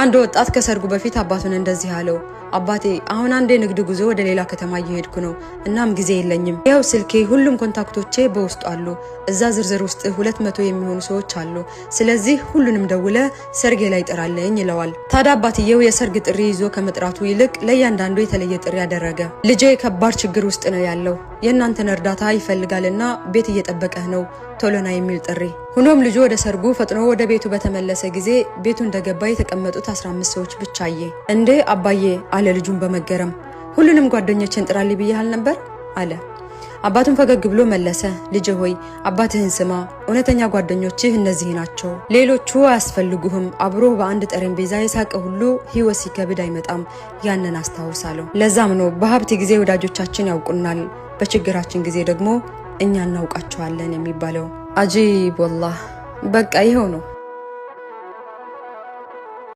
አንድ ወጣት ከሰርጉ በፊት አባቱን እንደዚህ አለው። አባቴ አሁን አንድ የንግድ ጉዞ ወደ ሌላ ከተማ እየሄድኩ ነው። እናም ጊዜ የለኝም። ያው ስልኬ፣ ሁሉም ኮንታክቶቼ በውስጡ አሉ። እዛ ዝርዝር ውስጥ ሁለት መቶ የሚሆኑ ሰዎች አሉ። ስለዚህ ሁሉንም ደውለ ሰርጌ ላይ ጥራለኝ ይለዋል። ታዲያ አባትየው የሰርግ ጥሪ ይዞ ከመጥራቱ ይልቅ ለእያንዳንዱ የተለየ ጥሪ ያደረገ። ልጄ ከባድ ችግር ውስጥ ነው ያለው፣ የእናንተን እርዳታ ይፈልጋልና ቤት እየጠበቀህ ነው ቶሎና የሚል ጥሪ ሆኖም ልጁ ወደ ሰርጉ ፈጥኖ ወደ ቤቱ በተመለሰ ጊዜ ቤቱ እንደገባ የተቀመጡት 15 ሰዎች ብቻ አየ። እንዴ አባዬ አለ ልጁን በመገረም ሁሉንም ጓደኞችን ጥራል ብዬሃል ነበር አለ። አባቱን ፈገግ ብሎ መለሰ፣ ልጅ ሆይ አባትህን ስማ፣ እውነተኛ ጓደኞችህ እነዚህ ናቸው። ሌሎቹ አያስፈልጉህም። አብሮ በአንድ ጠረጴዛ የሳቀ ሁሉ ህይወት ሲከብድ አይመጣም። ያንን አስታውሳለሁ። ለዛም ነው በሀብት ጊዜ ወዳጆቻችን ያውቁናል፣ በችግራችን ጊዜ ደግሞ እኛ እናውቃቸዋለን የሚባለው። አጂብ ወላህ። በቃ ይኸው ነው።